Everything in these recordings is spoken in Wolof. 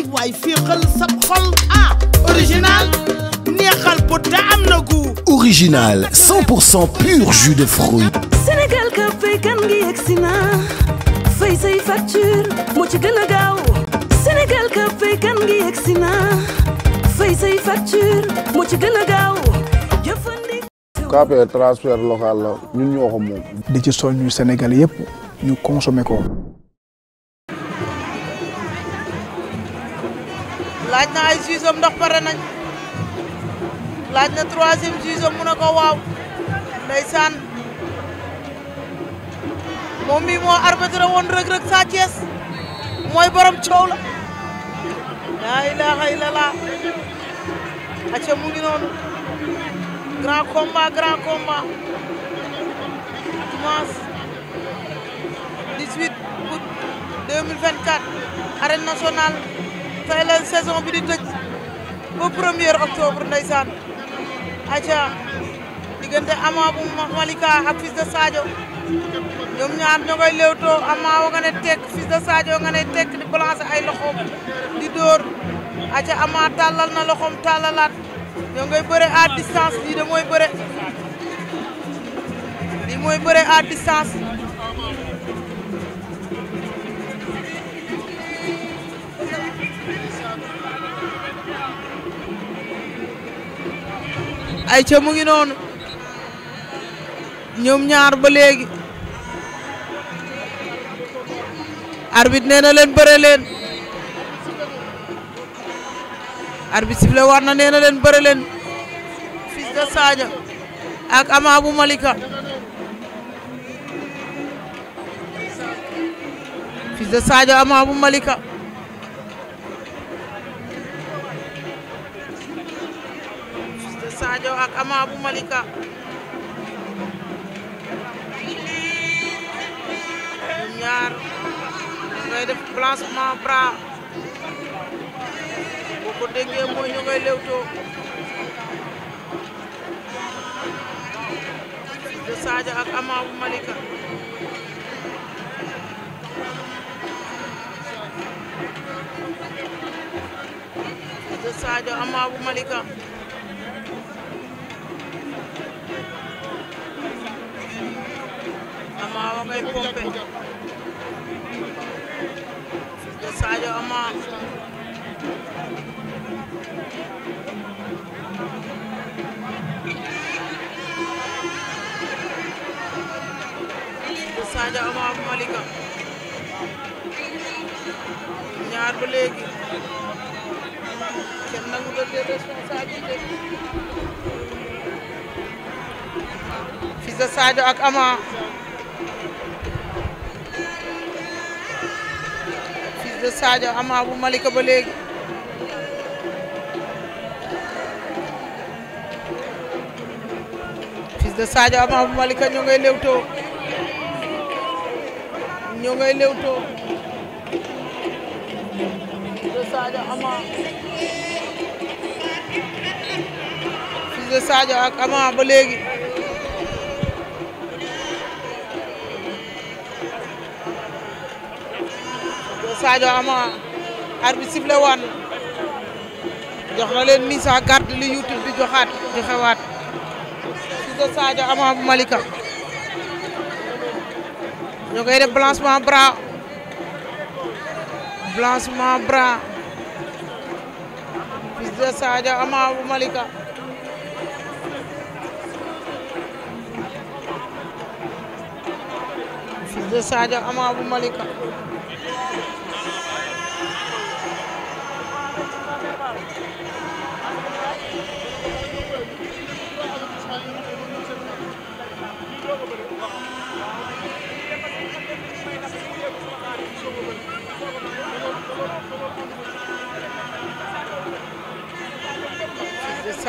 ay waay féexal sab xol ah original neexal pot te am original pur jus de fruits Sénégal ka faykan ngi yegsi na fay say facture moo ci gën a gaaw Sénégal ka faykan ngi yegsi na fay say facture moo ci gën a gaaw KPR transfert local la ñun ñoo ko moom di ci soññu Sénégal yëpp ñu consommer ko laaj na ay juge am ndax pare nañ laaj na troisième juge am mu ne ko waaw ndeysaan moom mii moo arbitre woon Reug Reug Sa Thiès mooy borom coow la laa ilaha illallah acca mu ngi noonu grand combat grand combat dimanche 18 août 2024 arène tey la bi di tëj ba premier octobre ndeysaan aca diggante Ama bu Malika ak Fils de Sadio ñoom ñaar ñoo koy léewtoo Ama wa nga ne tekk Fils de Sadio nga ne tekk di balancer ay loxoom di dóor aca Ama tàllal na loxoom tàllalaat ñoo ngay bëre à distance lii mooy bëre lii mooy bëre à distance ay ca mu ngi noonu ñoom ñaar ba léegi arbit nee na leen bëre leen arbitre sifflé war na nee na leen bëre leen fils de Sadio ak Ama bu Malika fils de Sadio Ama bu Malika Diaw ak Ama bu Malika ñoom ñaar ngay def placement bras boo ko déggee mooy ñu ngay lewtoo de Sadio ak Ama bu Malika moom lay pompé fils de Sadio Ama fils de Sadio Ama bu Malika ñaar ba léegi kenn nangu doon jël responsabilité fils de Sadio ak Ama fils de Sadio Ama bu Malika ba léegi fils de Sadio bu Malika ñoo ngay lewtoo ñoo ngay lewtoo fils de Sadio Ama ak Ama ba léegi Sadio Ama arbitre sifflé waan jox na leen mise en garde li youtube joxaat joxewaat Fils de Sadio Ama bu Malika ñoo koy bra blanchiment bras blanchiment bras Fils Ama bu Malika Fils de Sadio bu Malika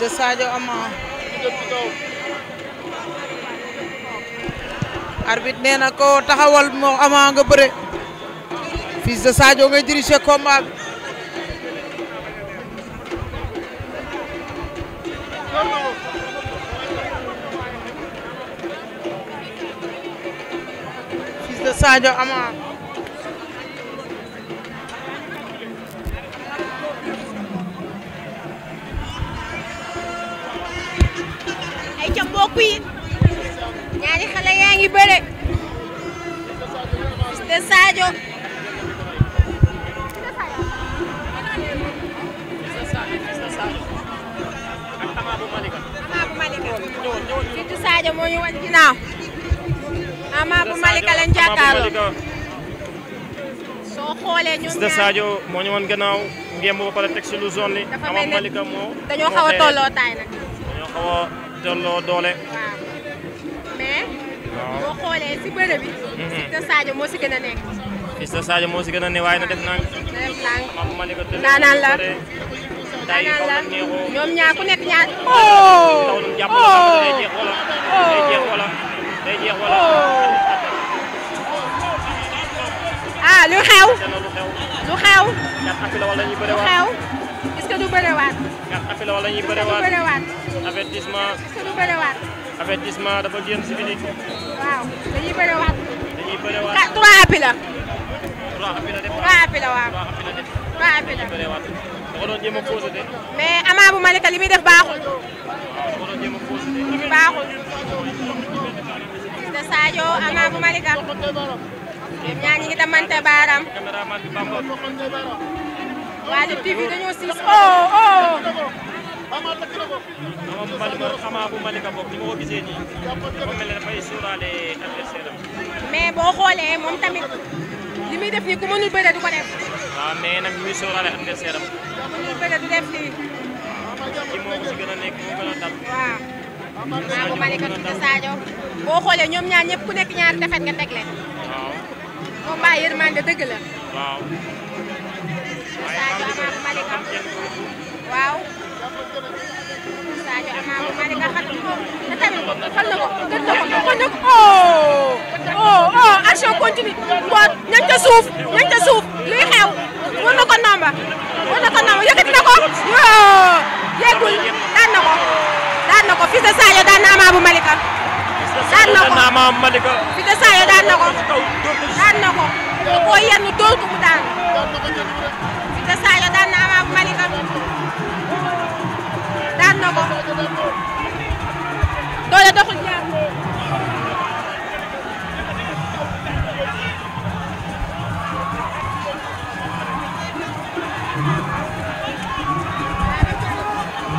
de Sadio Ama arbitre nee na ko taxawal moo Ama nga bëre Fils de Sadio ngay diriger combat bi Fils de mbokk yi ñaari xale yaa ngi bëre Fils de Sadio Fils de Sadio moo ñu ginnaaw Ama bu Malika de Sadio moo ñu wan ginnaaw ngeen ba pare teg lu zone li Ama bu dañoo xaw a nag tolloo doole. waaw mais. xoolee si bëre bi. Mhm. moo si gën moo si gën ne waaye na def naa. def naa daanaan la ñoom ñaar ku nekk ñaar. oh oh day jeex wala day jeex wala day jeex wala. ah lu xew. lu xew. lu avertissement. suñu bëriwaat. avertissement dafa génn si biir. waaw dañuy bëriwaat. dañuy bëriwaat ah 3 appels la. 3 appels la def. 3 appels la waaw 3 appels la def. 3 appels la bëriwaat. da ko doon jéem a posé de. mais Ama bu Malika li muy def baaxul. waaw da ko doon jéem a posé de. baaxul. te Sadio Ama bu Malika. ñoom ñaar ñi ngi damante baaraam. caméraman bi Bamba. waa Lutte TV dañoo siis oh oh. ama Malika xamaa bu Malika boog ni ma ko nii dafa mel dafay sóoraale adversaire am. boo xoolee moom tamit li def nii ku mënul bëre du ko def. waaw ah, mais nag muy sóoraale adversaire am. mënul bëre du def lii. kii moo ko si a nekk moo gën a waaw. maa bu Malika tuuti Sadio. boo xoolee ñoom ñaar ñëpp ku nekk ñaari defet nga teg waaw. moom baa yërmande dëgg waaw. waaye Sadio ama bu waaw Sadio Ama Baldé nga xam ne moom te tamit fal na ko gën na ko kon nag oh oh oh action continue mboot ñañ ca suuf ñañ ca suuf luy xew war na ko namba war na ko namba yëkkati na ko yoo yeggul daan na ko daan na ko fils de Sadio daan na Ama bu Malika daan na ko fils de Sadio daan na ko daan na ko da koo yenn dóor ko mu daan fils de Sadio daan na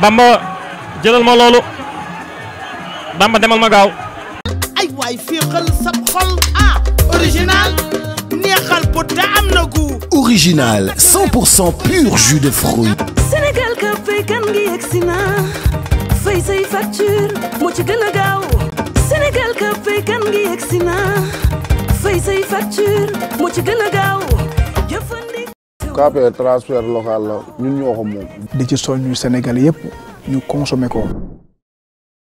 Bamba jëlal ma loolu Bamba demal ma gaaw ay waay fii xal sab xol ah original neexal pot te gu original pur jus de fruits Sénégal ka fay kan ngi yegsi fay say facture moo ci gaaw Sénégal ka fay kan ngi yegsi fay say facture moo ci gaaw KPR transfert local la ñun ñoo ko moom. di ci soññu Sénégalais yëpp ñu consommer ko.